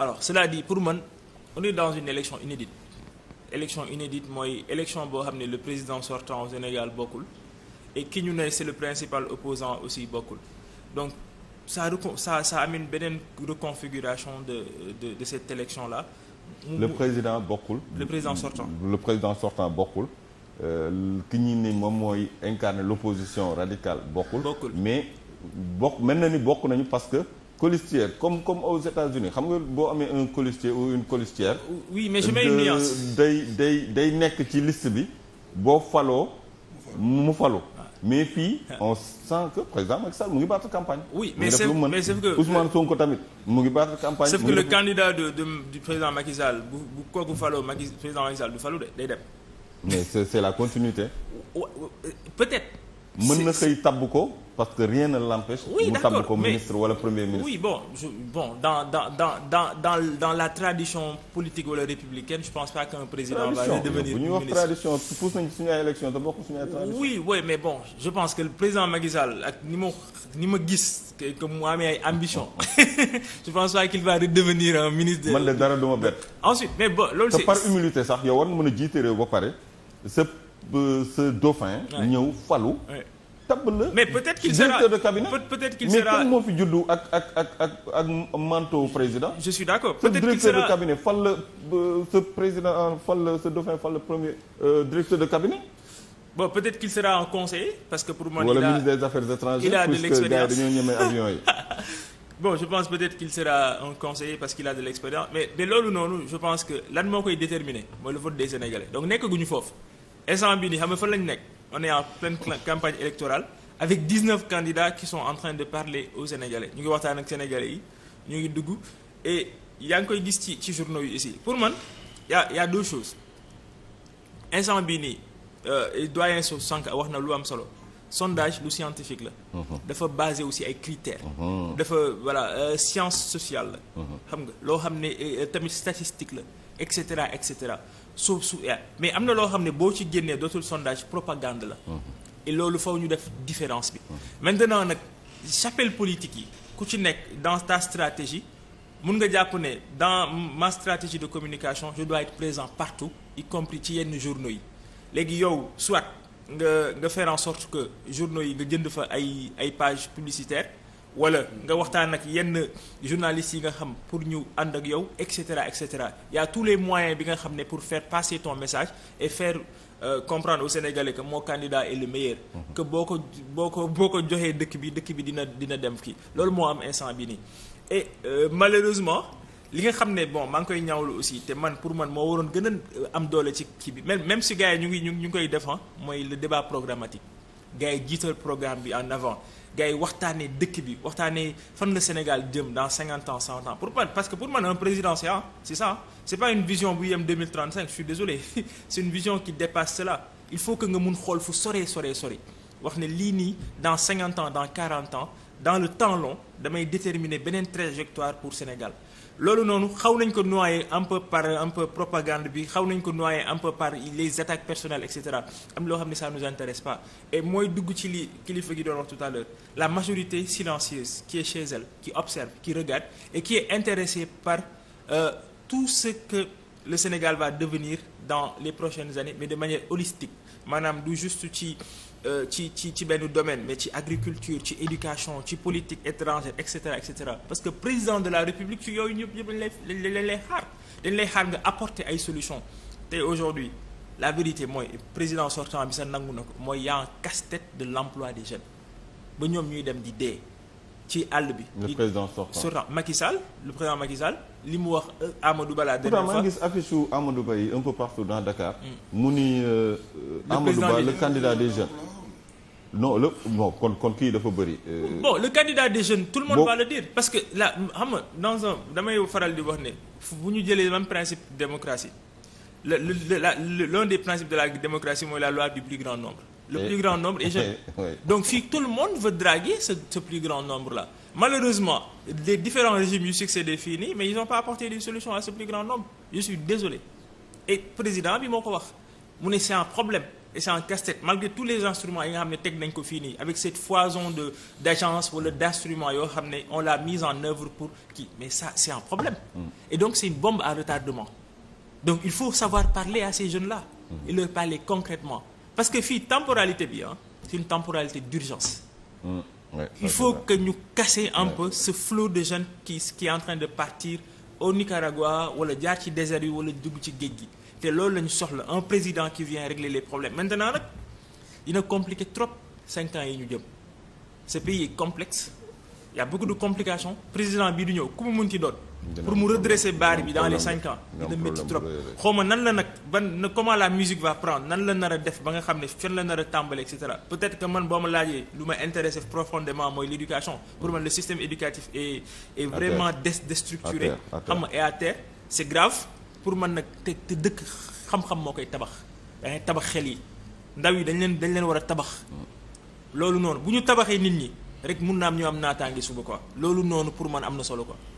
alors cela dit pour man on est dans une élection inédite élection inédite mooy élection boo xam ne le président sortant au Sénégal bokkul et ki ñu ne c'est le principal opposant aussi bokkul donc ça ça ça amène beneen reconfiguration de de de cette élection là. le président bokkul. le président sortant le président sortant bokkul. Euh, ki ñi ni moom mooy incarner l'opposition radicale bokkul. bokkul mais bokk mel na ni bokk nañu parce que. colistière comme comme aux États-Unis xam nga boo amee un colistier ou une colistière. mais je mets une day day day nekk ci list bi boo faloo mu faloo. mais fii ah. on sent que président Macky mu ngi battre campagne. oui mais c'est mais c'est que Ousmane Sonko tamit mu ngi battre campagne. sauf que le candidat de de du président Macky Sall bu bu kooku faloo président Macky du faloo de day dem. mais c'est la continuité. Euh, peut-être. mën na xëy tabb ko. parce que rien ne l'empêche oui, mu tàbb ko ministre wala premier ministre oui bon bon dans dans dans dans dans la tradition politique wala républicaine je pense pas qu'un président va devenir ministre bu ñuy wax tradition pousse nañ suñu ay élection te bon je pense que le président Macky ak ni ma ni ma gis que mu amee ay ambition je pense pas qu'il va redevenir un ministre de dara duma bett ensuite mais bon loolu c'est par humilité sax yow war nga mën a jiite réew ba pare tabb la. mais peut-être qu'il sera directeur de cabinet peut-être qu'il sera mais comme moo fi juddu ak ak ak ak ak manteau président. je suis d'accord peut-être qu'il sera la euh, ce président fal la ce dauphin fal le premier euh, directeur de cabinet. bon peut-être qu'il sera un conseiller parce que pour moi. wala ministre des affaires étrangères il a de l'expérience a de l'expérience mais mais noonu je pense que lan moo koy déterminer mooy le vote des Sénégalais donc nekk gu ñu foofu instant bii nii xam nga fan lañ nekk. on est en pleine campagne électorale avec 19 candidats qui sont en train de parler aux Sénégalais ñu ngi waxtaan ak Sénégalais yi ñu ngi dugg et yaa ngi koy gis ci ci journaux yi aussi pour man y' a y' a deux choses instant bii nii euh, doyen suuf sànq wax na lu am solo sondage lu scientifique la. Mhm. dafa basé aussi ay critères. Mhm. dafa voilà euh, science sociale la. Mhm. xam nga loo xam ne tamit statistique la et cetera et cetera. su su mais am na loo xam ne boo ci génnee dootul sondage propagande la. Mhm. et loolu faw ñu def différence bi. maintenant nag chapelle politique yi ku ci nekk dans ta stratégie mun nga jàpp ne dans ma stratégie de communication je dois présent partout y compris ci yenn journaux yi léegi yow soit nga nga faire en sorte que journaux yi nga jënd fa ay ay pages publicitaires. wala nga waxtaan ak yenn journalistes yi nga xam pour ñu ànd ak yow et cetera et cetera y a tous les moyens bi nga xam ne pour faire passer ton message et faire euh, comprendre aux Sénégalais que mon candidat est le meilleur. Mm-hmm. que boo ko boo ko boo ko joxee dëkk bi dëkk bi dina dina dem kii loolu moo am instant bi nii. et euh, malheureusement li nga xam ne bon maa ngi koy ñaawlu aussi te man pour man moo waroon gën a euh, am doole ci kii bi même même si gars yi ñu ngi ñu ngi koy defan mooy le débat programmatique gars jiital programme bi en avant. gars yi waxtaanee dëkk bi waxtaanee fan la Sénégal jëm dans cinquante ans cent ans pour parce que pour man a président c'est ah c'est ça c'est pas une vision bu yem deux mille trente cinq je suis désolé c'est une vision qui dépasse cela il faut que nga mun xool fu soree soree sore wax ne lii nii dans cinquante ans dans quarante ans dans le temps long damay déterminer beneen trajectoire pour Sénégal loolu noonu xaw nañ ko noyé un peu par un peu propagande bi xaw nañ ko noyé un peu par les attaques personnelles et cetera am loo xam ne ça nous intéresse pas et mooy dugg ci li kilifa gi doon wax tout à l'heure la majorité silencieuse qui est chez elle qui observe qui regarde et qui est intéressée par euh, tout ce que le Sénégal va devenir dans les prochaines années mais de manière holistique maanaam du juste ci Euh, ci ci ci benn domaine mais ci agriculture ci éducation ci politique étrangère et cetera cetera parce que président de la république ci yooyu ñëpp ñëpp dañ lay dañ lay xaar dañ lay xaar nga apporter ay solutions tey aujourd'hui la vérité mooy président sortant bi sax nangu na ko mooy y a casse-tête de l'emploi des jeunes ba ñoom ñuy dem di dee. ci àll bi. le président sortant sortant Macky le président Macky li mu wax euh, Amadou Ba la dernière fois. maa ngi gis affiche yu Amadou Ba yi mm. mu ni euh, Amadou Ba candidat des jeunes. non le bon kon kon kii dafa bëri. Euh, bon le candidat des jeunes. tout le monde bon. va dire parce que la xam nga dans damay faral di wax ne bu ñu jëlee même principe démocratie le le la l'un des principes de la démocratie mooy la loi du plus grand nombre. le plus grand nombre est jeune. oui. Donc si tout le monde veut draguer ce, plus grand nombre-là. Malheureusement, les différents régimes yu succédé fii nii mais ils n'ont pas apporté des solutions à ce plus grand nombre. Je suis désolé. Et président bi moo ko wax mu ne c'est un problème et c'est un casse-tête malgré tous les instruments yi nga xam ne teg nañ ko fii nii avec cette foison de d'agence wala d'instruments yoo xam ne on l'a mise en œuvre pour qui mais ça c'est un problème. Mm. Et donc c'est une bombe à retardement. Donc il parce que fii temporalité bi ah c'est une temporalité d'urgence mmh, il faut que ñu casser un ouais. peu ce flot de jeunes qui qui est en train de partir au Nicaragua wala jaar ci désert yi wala dugg ci géej gi te loolu la ñu soxla un président qui vient régler les problèmes maintenant nag dina compliquer trop cinq ans yi ñu jëm ce pays complexe y a beaucoup de président bii du ñëw ku mu mun ci doon. pour mu redresser baar bi dans les cinq ans. dina métti trop xaw ma nan la nag ban comment la musique va prendre nan la nar a def ba nga xam ne fen la nar a tàmbale cetera peut-être que man boo ma laajee lu ma intéressé profondément mooy l'éducation pour man le système éducatif est vraiment des déstructuré xam nga et à terre c'est grave pour man nag te te dëkk xam moo koy tabax da tabax xel yi ndaw yi dañ leen dañ leen war a tabax mm. loolu noonu bu ñu tabaxee nit ñi. rek mun na am ñu am naataange suba ko loolu noonu pour man am na solo ko